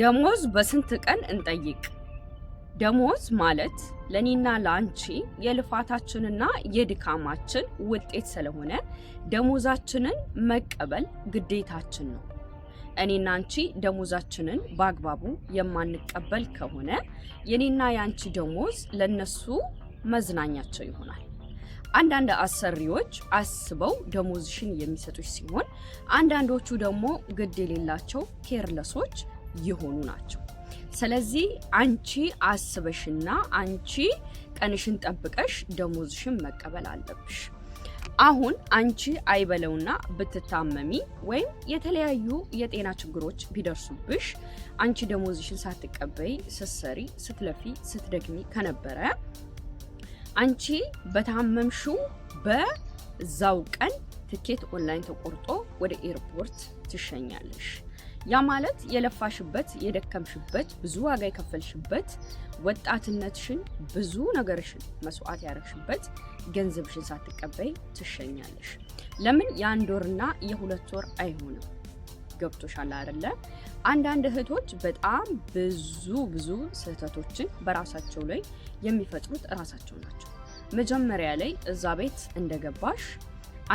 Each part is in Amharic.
ደሞዝ በስንት ቀን እንጠይቅ? ደሞዝ ማለት ለእኔና ለአንቺ የልፋታችንና የድካማችን ውጤት ስለሆነ ደሞዛችንን መቀበል ግዴታችን ነው። እኔና አንቺ ደሞዛችንን በአግባቡ የማንቀበል ከሆነ የኔና የአንቺ ደሞዝ ለነሱ መዝናኛቸው ይሆናል። አንዳንድ አሰሪዎች አስበው ደሞዝሽን የሚሰጡች ሲሆን፣ አንዳንዶቹ ደግሞ ግድ የሌላቸው ኬርለሶች የሆኑ ናቸው። ስለዚህ አንቺ አስበሽና አንቺ ቀንሽን ጠብቀሽ ደሞዝሽን መቀበል አለብሽ። አሁን አንቺ አይበለውና ብትታመሚ ወይም የተለያዩ የጤና ችግሮች ቢደርሱብሽ አንቺ ደሞዝሽን ሳትቀበይ ስትሰሪ፣ ስትለፊ፣ ስትደግሚ ከነበረ አንቺ በታመምሽው በዛው ቀን ትኬት ኦንላይን ተቆርጦ ወደ ኤርፖርት ትሸኛለሽ። ያ ማለት የለፋሽበት የደከምሽበት ብዙ ዋጋ የከፈልሽበት ወጣትነትሽን ብዙ ነገርሽን መስዋዕት ያደረግሽበት ገንዘብሽን ሳትቀበይ ትሸኛለሽ። ለምን የአንድ ወርና የሁለት ወር አይሆንም? ገብቶሻል አይደለ? አንዳንድ እህቶች በጣም ብዙ ብዙ ስህተቶችን በራሳቸው ላይ የሚፈጥሩት እራሳቸው ናቸው። መጀመሪያ ላይ እዛ ቤት እንደገባሽ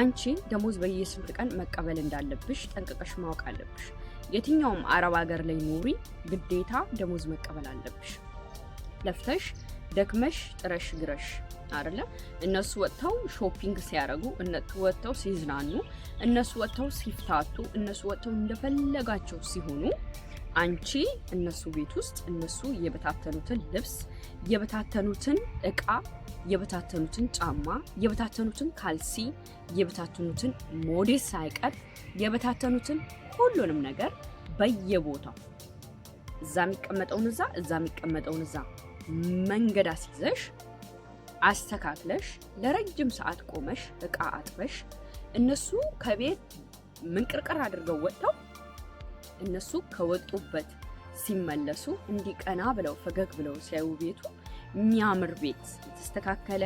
አንቺ ደሞዝ በየስንት ቀን መቀበል እንዳለብሽ ጠንቅቀሽ ማወቅ አለብሽ። የትኛውም አረብ ሀገር ላይ ኖሪ ግዴታ ደሞዝ መቀበል አለብሽ። ለፍተሽ ደክመሽ ጥረሽ ግረሽ አይደለም እነሱ ወጥተው ሾፒንግ ሲያደርጉ፣ እነሱ ወጥተው ሲዝናኑ፣ እነሱ ወጥተው ሲፍታቱ፣ እነሱ ወጥተው እንደፈለጋቸው ሲሆኑ አንቺ እነሱ ቤት ውስጥ እነሱ የበታተኑትን ልብስ፣ የበታተኑትን እቃ፣ የበታተኑትን ጫማ፣ የበታተኑትን ካልሲ፣ የበታተኑትን ሞዴስ ሳይቀር የበታተኑትን ሁሉንም ነገር በየቦታው እዛ የሚቀመጠውን እዛ እዛ የሚቀመጠውን እዛ መንገድ አስይዘሽ አስተካክለሽ ለረጅም ሰዓት ቆመሽ እቃ አጥበሽ እነሱ ከቤት ምንቅርቅር አድርገው ወጥተው እነሱ ከወጡበት ሲመለሱ እንዲቀና ብለው ፈገግ ብለው ሲያዩ ቤቱ የሚያምር ቤት የተስተካከለ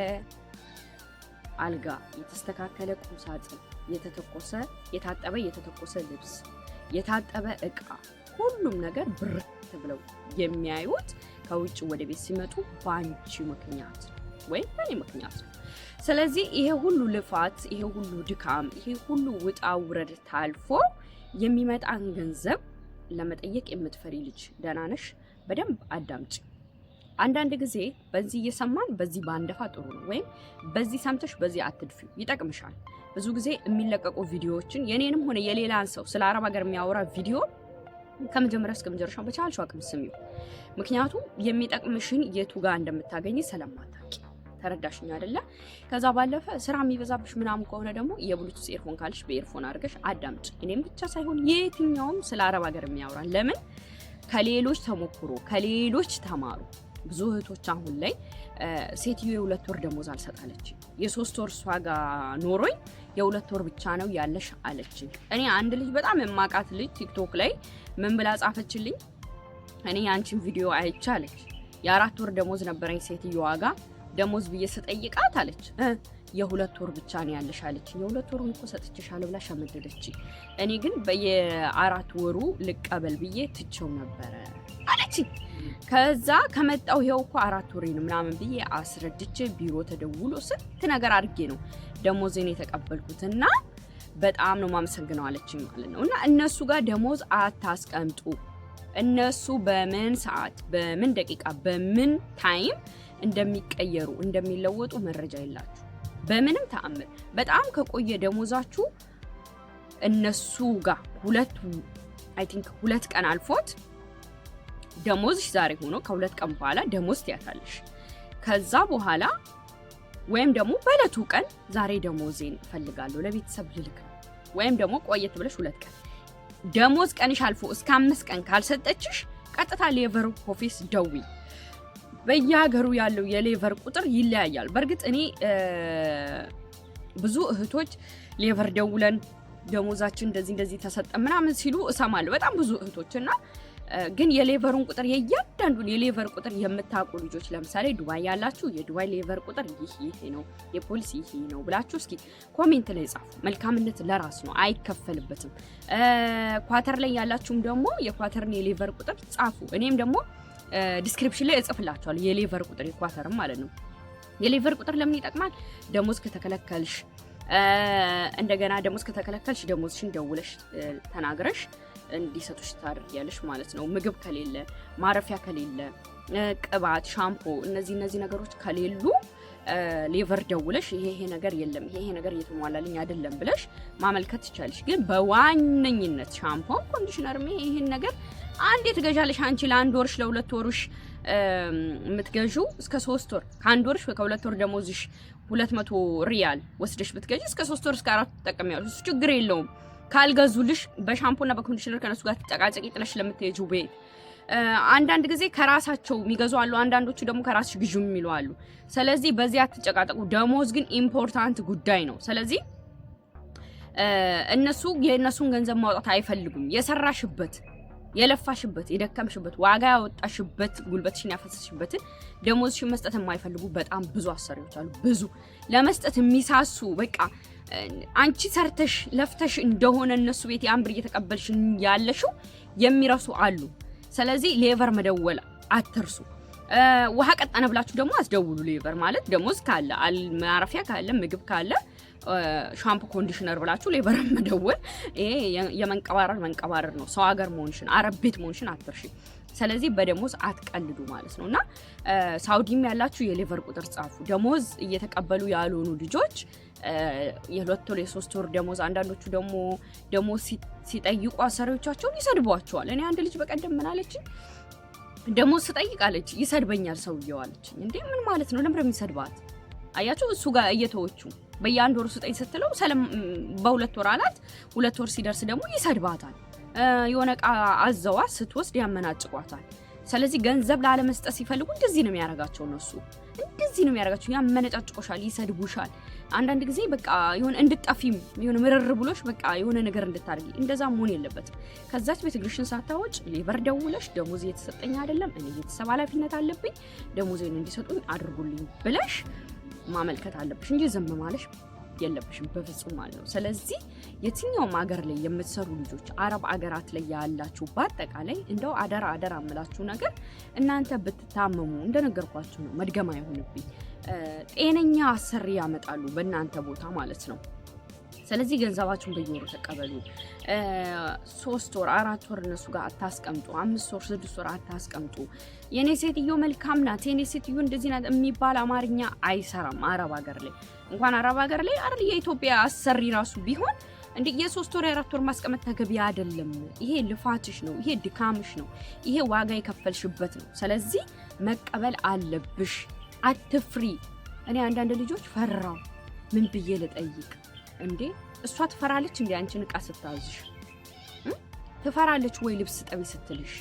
አልጋ፣ የተስተካከለ ቁምሳጥን፣ የተተኮሰ የታጠበ የተተኮሰ ልብስ፣ የታጠበ እቃ፣ ሁሉም ነገር ብርት ብለው የሚያዩት ከውጭ ወደ ቤት ሲመጡ በአንቺ ምክንያት ወይም በእኔ ምክንያት ነው። ስለዚህ ይሄ ሁሉ ልፋት፣ ይሄ ሁሉ ድካም፣ ይሄ ሁሉ ውጣ ውረድ ታልፎ የሚመጣን ገንዘብ ለመጠየቅ የምትፈሪ ልጅ ደህና ነሽ? በደንብ አዳምጪ። አንዳንድ ጊዜ በዚህ እየሰማን በዚህ ባንደፋ ጥሩ ነው፣ ወይም በዚህ ሰምተሽ በዚህ አትድፊው ይጠቅምሻል። ብዙ ጊዜ የሚለቀቁ ቪዲዮዎችን የኔንም ሆነ የሌላን ሰው ስለ አረብ ሀገር የሚያወራ ቪዲዮ ከመጀመሪያ እስከ መጨረሻው በቻልሽው አቅም ስሚው። ምክንያቱም የሚጠቅምሽን የቱ ጋር እንደምታገኝ ስለማታውቂ ተረዳሽኝ አይደለ? ከዛ ባለፈ ስራ የሚበዛብሽ ምናምን ከሆነ ደግሞ የብሉቱስ ኤርፎን ካልሽ በኤርፎን አድርገሽ አዳምጭ። እኔም ብቻ ሳይሆን የትኛውም ስለ አረብ ሀገር የሚያወራ ለምን ከሌሎች ተሞክሮ ከሌሎች ተማሩ። ብዙ እህቶች አሁን ላይ ሴትዮ የሁለት ወር ደሞዝ አልሰጣለች። የሶስት ወር እሷ ጋር ኖሮኝ የሁለት ወር ብቻ ነው ያለሽ አለች። እኔ አንድ ልጅ በጣም የማውቃት ልጅ ቲክቶክ ላይ ምን ብላ ጻፈችልኝ? እኔ የአንቺን ቪዲዮ አይቻለች። የአራት ወር ደሞዝ ነበረኝ ሴትዮ ዋጋ ደሞዝ ብዬ ስጠይቃት አለች የሁለት ወር ብቻ ነው ያለሽ አለች። የሁለት ወሩን እኮ ሰጥቼሻለሁ ብላ ሸመደደች። እኔ ግን በየአራት ወሩ ልቀበል ብዬ ትቼው ነበረ አለች። ከዛ ከመጣው ይኸው እኮ አራት ወሬ ነው ምናምን ብዬ አስረድቼ ቢሮ ተደውሎ ስንት ነገር አድርጌ ነው ደሞዜን የተቀበልኩትና በጣም ነው ማመሰግነው አለችኝ ማለት ነው። እና እነሱ ጋር ደሞዝ አታስቀምጡ። እነሱ በምን ሰዓት፣ በምን ደቂቃ፣ በምን ታይም እንደሚቀየሩ እንደሚለወጡ መረጃ የላችሁ በምንም ተአምር። በጣም ከቆየ ደሞዛችሁ እነሱ ጋር ሁለቱ አይ ቲንክ ሁለት ቀን አልፎት ደሞዝሽ ዛሬ ሆኖ ከሁለት ቀን በኋላ ደሞዝ ትያታለሽ። ከዛ በኋላ ወይም ደግሞ በእለቱ ቀን ዛሬ ደሞዜን እፈልጋለሁ ለቤተሰብ ልልክ ነው፣ ወይም ደግሞ ቆየት ብለሽ ሁለት ቀን ደሞዝ ቀንሽ አልፎ እስከ አምስት ቀን ካልሰጠችሽ ቀጥታ ሌቨር ኦፊስ ደዊ በየሀገሩ ያለው የሌቨር ቁጥር ይለያያል። በእርግጥ እኔ ብዙ እህቶች ሌቨር ደውለን ደሞዛችን እንደዚህ እንደዚህ ተሰጠ ምናምን ሲሉ እሰማለሁ። በጣም ብዙ እህቶች እና ግን የሌቨሩን ቁጥር የእያንዳንዱን የሌቨር ቁጥር የምታውቁ ልጆች ለምሳሌ ዱባይ ያላችሁ የዱባይ ሌቨር ቁጥር ይህ ይሄ ነው፣ የፖሊስ ይሄ ነው ብላችሁ እስኪ ኮሜንት ላይ ጻፉ። መልካምነት ለራስ ነው፣ አይከፈልበትም። ኳተር ላይ ያላችሁም ደግሞ የኳተርን የሌቨር ቁጥር ጻፉ። እኔም ደግሞ ዲስክሪፕሽን ላይ እጽፍላችኋለሁ የሌቨር ቁጥር የኳተርም ማለት ነው። የሌቨር ቁጥር ለምን ይጠቅማል? ደሞዝ ከተከለከልሽ እንደገና ደሞዝ ከተከለከልሽ ደሞዝሽን ደውለሽ ተናግረሽ እንዲሰጡሽ ታደርጊያለሽ ማለት ነው። ምግብ ከሌለ፣ ማረፊያ ከሌለ፣ ቅባት፣ ሻምፖ እነዚህ እነዚህ ነገሮች ከሌሉ ሌቨር ደውለሽ ይሄ ይሄ ነገር የለም ይሄ ይሄ ነገር እየተሟላልኝ አይደለም ብለሽ ማመልከት ትቻለሽ። ግን በዋነኝነት ሻምፖ ኮንዲሽነር ይሄን ነገር አንዴ ትገዣለሽ። አንቺ ለአንድ ወርሽ ለሁለት ወርሽ የምትገዡ እስከ ሶስት ወር ከአንድ ወርሽ ከሁለት ወር ደሞዝሽ ሁለት መቶ ሪያል ወስደሽ ብትገዢ እስከ ሶስት ወር እስከ አራት ትጠቀሚያለሽ። እሱ ችግር የለውም። ካልገዙልሽ በሻምፖና በኮንዲሽነር ከነሱ ጋር ትጨቃጨቂ ጥለሽ ለምትሄጁ ቤት አንዳንድ ጊዜ ከራሳቸው የሚገዙ አሉ። አንዳንዶቹ ደግሞ ከራስሽ ግዢ የሚሉ አሉ። ስለዚህ በዚህ አትጨቃጠቁ። ደሞዝ ግን ኢምፖርታንት ጉዳይ ነው። ስለዚህ እነሱ የእነሱን ገንዘብ ማውጣት አይፈልጉም። የሰራሽበት፣ የለፋሽበት፣ የደከምሽበት፣ ዋጋ ያወጣሽበት፣ ጉልበትሽን ያፈሰሽበትን ደሞዝሽን መስጠት የማይፈልጉ በጣም ብዙ አሰሪዎች አሉ። ብዙ ለመስጠት የሚሳሱ በቃ አንቺ ሰርተሽ ለፍተሽ እንደሆነ እነሱ ቤት ያን ብር እየተቀበልሽ ያለሽው የሚረሱ አሉ። ስለዚህ ሌቨር መደወል አትርሱ። ውሃ ቀጠነ ብላችሁ ደግሞ አስደውሉ። ሌቨር ማለት ደሞዝ ካለ ማረፊያ ካለ ምግብ ካለ ሻምፖ ኮንዲሽነር ብላችሁ ሌቨር መደወል ይሄ የመንቀባረር መንቀባረር ነው። ሰው ሀገር መሆንሽን አረብ ቤት መሆንሽን አትርሽ። ስለዚህ በደሞዝ አትቀልዱ ማለት ነው። እና ሳውዲም ያላችሁ የሌቨር ቁጥር ጻፉ። ደሞዝ እየተቀበሉ ያልሆኑ ልጆች የሁለት ወር የሶስት ወር ደሞዝ፣ አንዳንዶቹ ደግሞ ደሞዝ ሲጠይቁ አሰሪዎቻቸውን ይሰድቧቸዋል። እኔ አንድ ልጅ በቀደም ምን አለችኝ? ደሞዝ ስጠይቃለች ይሰድበኛል ሰውየው አለችኝ። እንዴ ምን ማለት ነው? ለምንድነው የሚሰድባት? አያቸው እሱ ጋር እየተወችው በየአንድ ወሩ ስጠኝ ስትለው በሁለት ወር አላት። ሁለት ወር ሲደርስ ደግሞ ይሰድባታል። የሆነ እቃ አዘዋ ስትወስድ ያመናጭቋታል። ስለዚህ ገንዘብ ላለመስጠት ሲፈልጉ እንደዚህ ነው የሚያደርጋቸው። እነሱ እንደዚህ ነው የሚያደርጋቸው። ያመነጫጭቆሻል፣ ይሰድቡሻል። አንዳንድ ጊዜ በቃ የሆነ እንድጠፊም የሆነ ምርር ብሎሽ በቃ የሆነ ነገር እንድታደርጊ እንደዛ መሆን የለበትም። ከዛች ቤት እግርሽን ሳታወጭ ሌበር ደውለሽ ደሞዝ እየተሰጠኝ አይደለም፣ እኔ ቤተሰብ ኃላፊነት አለብኝ፣ ደሞዜን እንዲሰጡኝ አድርጉልኝ ብለሽ ማመልከት አለብሽ እንጂ ዝም ማለሽ የለብሽም በፍጹም ማለት ነው። ስለዚህ የትኛውም አገር ላይ የምትሰሩ ልጆች፣ አረብ አገራት ላይ ያላችሁ በአጠቃላይ እንደው አደራ አደራ የምላችሁ ነገር እናንተ ብትታመሙ እንደነገርኳችሁ ነው፣ መድገም አይሆንብኝ ጤነኛ አሰሪ ያመጣሉ በእናንተ ቦታ ማለት ነው። ስለዚህ ገንዘባችሁን በየወሩ ተቀበሉ። ሶስት ወር አራት ወር እነሱ ጋር አታስቀምጡ። አምስት ወር ስድስት ወር አታስቀምጡ። የኔ ሴትዮ መልካም ናት፣ የኔ ሴትዮ እንደዚህ ናት የሚባል አማርኛ አይሰራም። አረብ ሀገር ላይ እንኳን አረብ ሀገር ላይ አይደል የኢትዮጵያ አሰሪ ራሱ ቢሆን እንዴ የሶስት ወር የአራት ወር ማስቀመጥ ተገቢ አይደለም። ይሄ ልፋትሽ ነው፣ ይሄ ድካምሽ ነው፣ ይሄ ዋጋ የከፈልሽበት ነው። ስለዚህ መቀበል አለብሽ። አትፍሪ። እኔ አንዳንድ ልጆች ፈራው ምን ብዬ ልጠይቅ እንዴ እሷ ትፈራለች እንዴ? አንቺን እቃ ስታዝሽ ትፈራለች ወይ? ልብስ ጠቢ ስትልሽ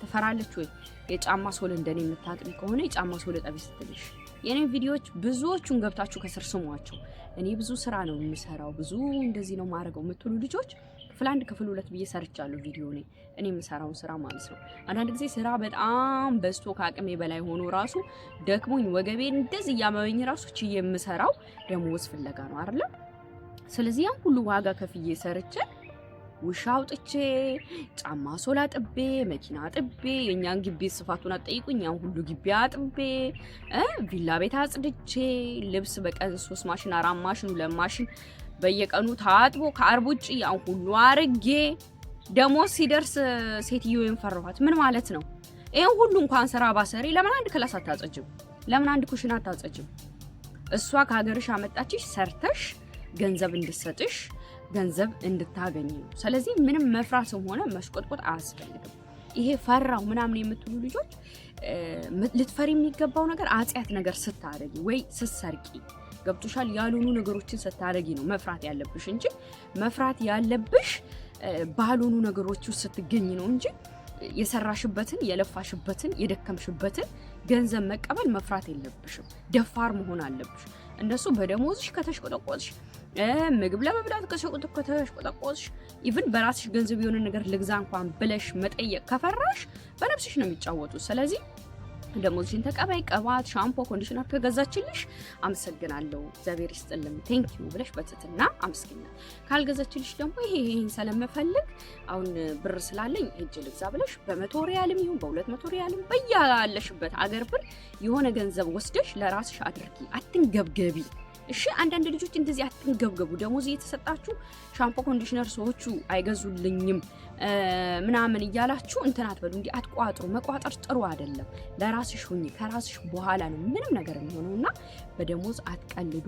ትፈራለች ወይ? የጫማ ሶል እንደኔ የምታጥቢ ከሆነ የጫማ ሶል ጠቢ ስትልሽ የኔን ቪዲዮዎች ብዙዎቹን ገብታችሁ ከስር ስሟቸው። እኔ ብዙ ስራ ነው የምሰራው፣ ብዙ እንደዚህ ነው ማድረገው የምትሉ ልጆች ክፍል አንድ ክፍል ሁለት ብዬ ሰርቻለሁ ቪዲዮ ላይ እኔ የምሰራውን ስራ ማለት ነው። አንዳንድ ጊዜ ስራ በጣም በዝቶ ከአቅሜ በላይ ሆኖ ራሱ ደክሞኝ ወገቤ እንደዚህ እያመበኝ ራሱ ችዬ የምሰራው ደሞዝ ፍለጋ ነው አይደለም ስለዚህ ያን ሁሉ ዋጋ ከፍዬ ሰርቼ ውሻ አውጥቼ ጫማ ሶላ አጥቤ መኪና አጥቤ የእኛን ግቢ ስፋቱን አጠይቁኝ። ያን ሁሉ ግቢ አጥቤ ቪላ ቤት አጽድቼ ልብስ በቀን ሶስት ማሽን አራት ማሽን ሁለት ማሽን በየቀኑ ታጥቦ ከአርብ ውጭ ያን ሁሉ አርጌ ደግሞ ሲደርስ ሴትዮ ፈራኋት። ምን ማለት ነው? ይህን ሁሉ እንኳን ስራ ባሰሪ ለምን አንድ ክላስ አታጸጅም? ለምን አንድ ኩሽና አታጸጅም? እሷ ከሀገርሽ አመጣችሽ ሰርተሽ ገንዘብ እንድሰጥሽ ገንዘብ እንድታገኝ ነው። ስለዚህ ምንም መፍራትም ሆነ መሽቆጥቆጥ አያስፈልግም። ይሄ ፈራው ምናምን የምትሉ ልጆች ልትፈሪ የሚገባው ነገር አጽያት ነገር ስታደርጊ ወይ ስትሰርቂ ገብቶሻል፣ ያልሆኑ ነገሮችን ስታደርጊ ነው መፍራት ያለብሽ እንጂ መፍራት ያለብሽ ባልሆኑ ነገሮች ውስጥ ስትገኝ ነው እንጂ የሰራሽበትን የለፋሽበትን የደከምሽበትን ገንዘብ መቀበል መፍራት የለብሽም። ደፋር መሆን አለብሽ። እነሱ በደሞዝሽ ከተሽቆጠቆጥሽ ምግብ ለመብላት ከሱቅ ከተሽቆጠቆጥሽ፣ ኢቭን በራስሽ ገንዘብ የሆነ ነገር ልግዛ እንኳን ብለሽ መጠየቅ ከፈራሽ በነብስሽ ነው የሚጫወጡት። ስለዚህ ደሞዝሽን ተቀባይ። ቅባት፣ ሻምፖ፣ ኮንዲሽነር ከገዛችልሽ አመሰግናለሁ እግዚአብሔር ይስጥልኝ ቴንክ ዩ ብለሽ በትትና አመስግኛል። ካልገዛችልሽ ደግሞ ይሄ ይሄን ስለምፈልግ አሁን ብር ስላለኝ እጅ ልግዛ ብለሽ በመቶ ሪያልም ይሁን በሁለት መቶ ሪያልም በያለሽበት አገር ብር የሆነ ገንዘብ ወስደሽ ለራስሽ አድርጊ። አትንገብገቢ። እሺ አንዳንድ ልጆች እንደዚህ አትንገብገቡ። ደሞዝ እየተሰጣችሁ ሻምፖ ኮንዲሽነር ሰዎቹ አይገዙልኝም ምናምን እያላችሁ እንትን አትበሉ። እንዲህ አትቋጥሩ። መቋጠር ጥሩ አይደለም። ለራስሽ ሁኚ። ከራስሽ በኋላ ነው ምንም ነገር የሚሆነው እና በደሞዝ አትቀልዱ።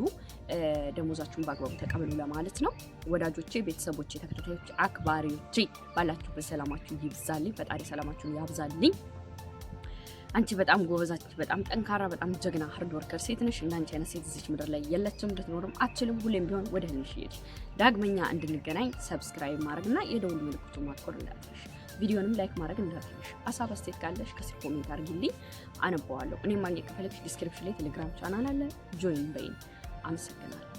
ደሞዛችሁን በአግባቡ ተቀበሉ ለማለት ነው። ወዳጆቼ፣ ቤተሰቦቼ፣ ተከታታዮች፣ አክባሪዎቼ ባላችሁበት ሰላማችሁ ይብዛልኝ። ፈጣሪ ሰላማችሁን ያብዛልኝ። አንቺ በጣም ጎበዝ፣ አንቺ በጣም ጠንካራ፣ በጣም ጀግና ሀርድ ወርከር ሴት ነሽ። እንዳንቺ አይነት ሴት እዚች ምድር ላይ የለችም፣ እንድትኖርም አችልም። ሁሌም ቢሆን ወደ ህልምሽ እየሄድሽ ዳግመኛ እንድንገናኝ ሰብስክራይብ ማድረግ ማድረግና የደውል ምልክቱ ማጥቆር እንዳትረሽ። ቪዲዮንም ላይክ ማድረግ እንዳትረሽ። አሳብ አስቴት ካለሽ ከስር ኮሜንት አድርጊልኝ፣ አነበዋለሁ። እኔም ማግኘት ከፈለግሽ ዲስክሪፕሽን ላይ ቴሌግራም ቻናል አለ፣ ጆይን በይን። አመሰግናለሁ።